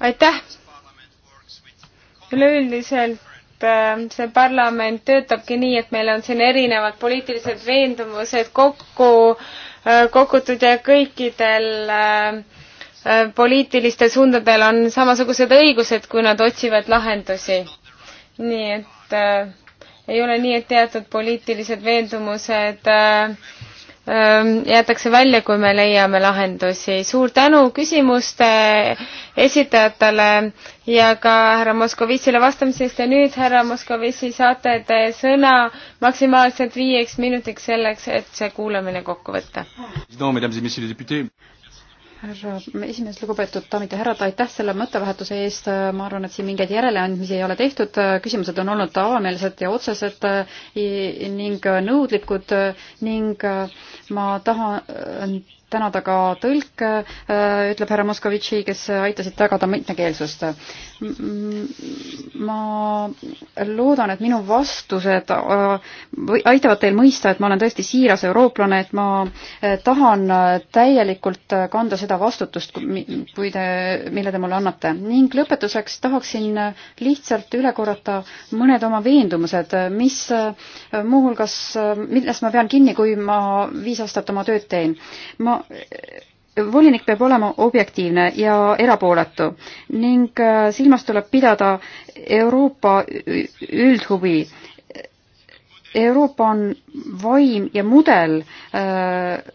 aitäh! üleüldiselt ähm, see parlament töötabki nii, et meil on siin erinevad poliitilised veendumused kokku äh, kogutud ja kõikidel ähm, äh, poliitilistel suundadel on samasugused õigused, kui nad otsivad lahendusi. nii et äh, ei ole nii, et teatud poliitilised veendumused äh, jäetakse välja, kui me leiame lahendusi. suur tänu küsimuste esitajatele ja ka härra Moskovitšile vastamise eest ja nüüd, härra Moskovitši, saate te sõna maksimaalselt viieks minutiks selleks, et see kuulamine kokku võtta härra esimees, lugupeetud daamid ja härrad, aitäh selle mõttevahetuse eest, ma arvan, et siin mingeid järeleandmisi ei ole tehtud, küsimused on olnud avameelsed ja otsesed ning nõudlikud ning ma tahan tänada ka tõlke, äh, ütleb härra Moskovitši, kes aitasid tagada mitmekeelsust. ma loodan, et minu vastused äh, aitavad teil mõista, et ma olen tõesti siiras eurooplane, et ma äh, tahan täielikult kanda seda vastutust, kui te, mille te mulle annate. ning lõpetuseks tahaksin lihtsalt üle korrata mõned oma veendumused, mis muuhulgas, millest ma pean kinni, kui ma viis aastat oma tööd teen. ma olema volinik peab olema objektiivne ja erapooletu ning äh, silmas tuleb pidada Euroopa üldhuvi. Euroopa on vaim ja mudel. Äh,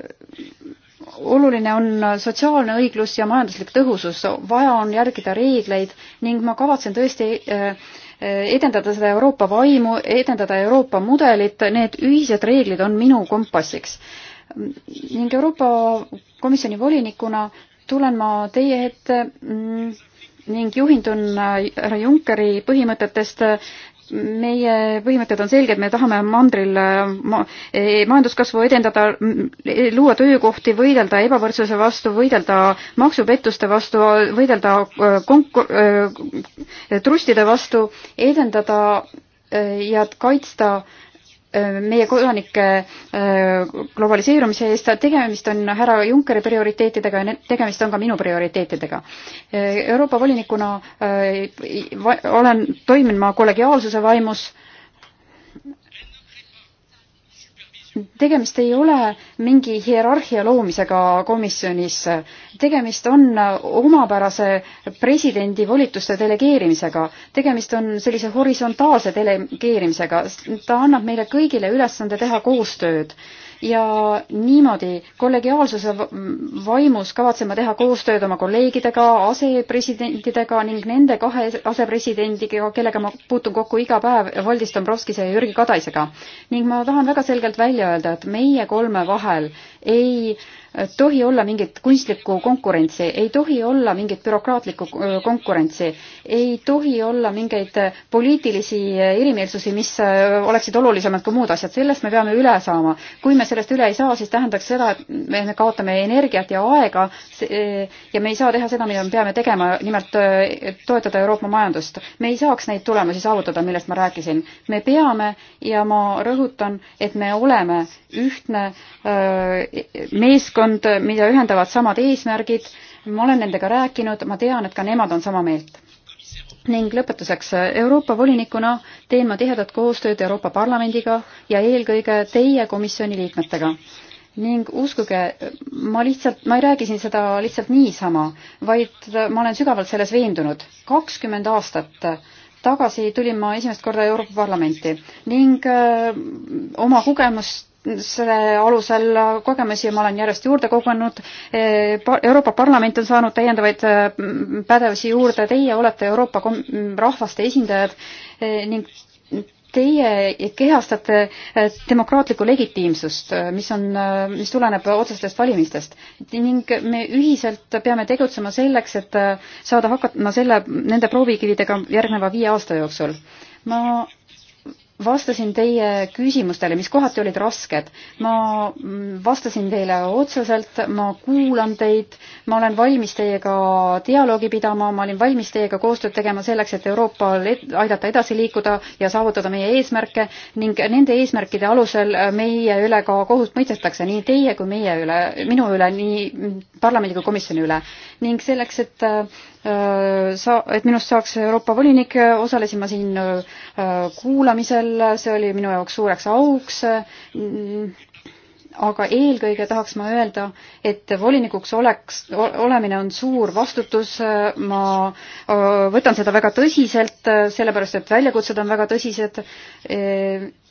oluline on sotsiaalne õiglus ja majanduslik tõhusus, vaja on järgida reegleid ning ma kavatsen tõesti äh, edendada seda Euroopa vaimu, edendada Euroopa mudelit, need ühised reeglid on minu kompassiks ning Euroopa Komisjoni volinikuna tulen ma teie ette mm, ning juhindun äh, härra Junckeri põhimõtetest meie põhimõtted on selged, me tahame mandril äh, ma e-, majanduskasvu edendada, mm, e-, luua töökohti, võidelda ebavõrdsuse vastu, võidelda maksupettuste vastu, võidelda äh, konkur-, trustide vastu, edendada ja kaitsta meie kodanike äh, globaliseerumise eest, tegemist on härra Junckeri prioriteetidega ja tegemist on ka minu prioriteetidega. Äh, Euroopa volinikuna äh, olen, toimin ma kollegiaalsuse vaimus tegemist ei ole mingi hierarhia loomisega komisjonis, tegemist on omapärase presidendi volituste delegeerimisega, tegemist on sellise horisontaalse delegeerimisega, ta annab meile kõigile ülesande teha koostööd ja niimoodi kollegiaalsuse vaimus kavatsema teha koostööd oma kolleegidega, asepresidentidega ning nende kahe asepresidendiga, kellega ma puutun kokku iga päev, Valdis Dombrovskise ja Jürgi Kadaisega. ning ma tahan väga selgelt välja öelda, et meie kolme vahel ei tohi olla mingit kunstlikku konkurentsi, ei tohi olla mingit bürokraatlikku äh, konkurentsi, ei tohi olla mingeid poliitilisi erimeelsusi, mis äh, oleksid olulisemad kui muud asjad, sellest me peame üle saama. kui me sellest üle ei saa, siis tähendaks seda, et me kaotame energiat ja aega äh, ja me ei saa teha seda, mida me peame tegema, nimelt toetada Euroopa majandust. me ei saaks neid tulemusi saavutada, millest ma rääkisin. me peame ja ma rõhutan, et me oleme ühtne öö, meeskond, mida ühendavad samad eesmärgid, ma olen nendega rääkinud, ma tean, et ka nemad on sama meelt. ning lõpetuseks, Euroopa volinikuna teen ma tihedat koostööd Euroopa Parlamendiga ja eelkõige teie komisjoni liikmetega ning uskuge, ma lihtsalt, ma ei räägi siin seda lihtsalt niisama, vaid ma olen sügavalt selles veendunud. kakskümmend aastat tagasi tulin ma esimest korda Euroopa Parlamenti ning öö, äh, oma kogemust selle alusel kogemusi ma olen järjest juurde kogunud. Eh, Euroopa Parlament on saanud täiendavaid eh, pädevusi juurde, teie olete Euroopa rahvaste esindajad eh, ning teie kehastate demokraatlikku legitiimsust, mis on, mis tuleneb otsestest valimistest ning me ühiselt peame tegutsema selleks, et saada hakata selle, nende proovikividega järgneva viie aasta jooksul. ma vastasin teie küsimustele, mis kohati olid rasked. ma vastasin teile otseselt, ma kuulan teid, ma olen valmis teiega dialoogi pidama, ma olin valmis teiega koostööd tegema selleks, et Euroopal aidata edasi liikuda ja saavutada meie eesmärke ning nende eesmärkide alusel meie üle ka kohut mõistetakse, nii teie kui meie üle, minu üle, nii parlamendi kui komisjoni üle. ning selleks, et äh, sa, et minust saaks Euroopa volinik, osalesin ma siin äh, kuulamisel, all, see oli minu jaoks suureks auks. aga eelkõige tahaks ma öelda, et volinikuks oleks, olemine on suur vastutus, ma võtan seda väga tõsiselt, sellepärast et väljakutsed on väga tõsised. E,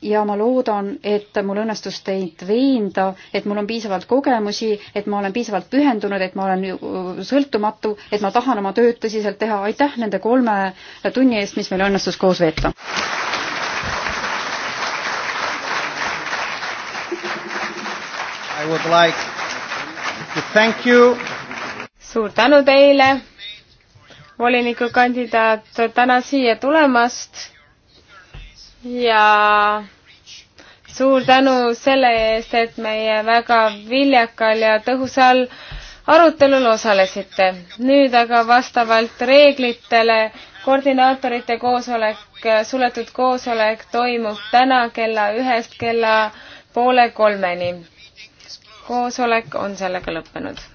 ja ma loodan, et mul õnnestus teid veenda, et mul on piisavalt kogemusi, et ma olen piisavalt pühendunud, et ma olen sõltumatu, et ma tahan oma tööd tõsiselt teha. aitäh nende kolme tunni eest, mis meil õnnestus koos veeta. I would like to thank you. suur tänu teile, volinikukandidaat, täna siia tulemast ja suur tänu selle eest, et meie väga viljakal ja tõhusal arutelul osalesite. nüüd aga vastavalt reeglitele koordinaatorite koosolek, suletud koosolek toimub täna kella ühest kella poole kolmeni koosolek on sellega lõppenud.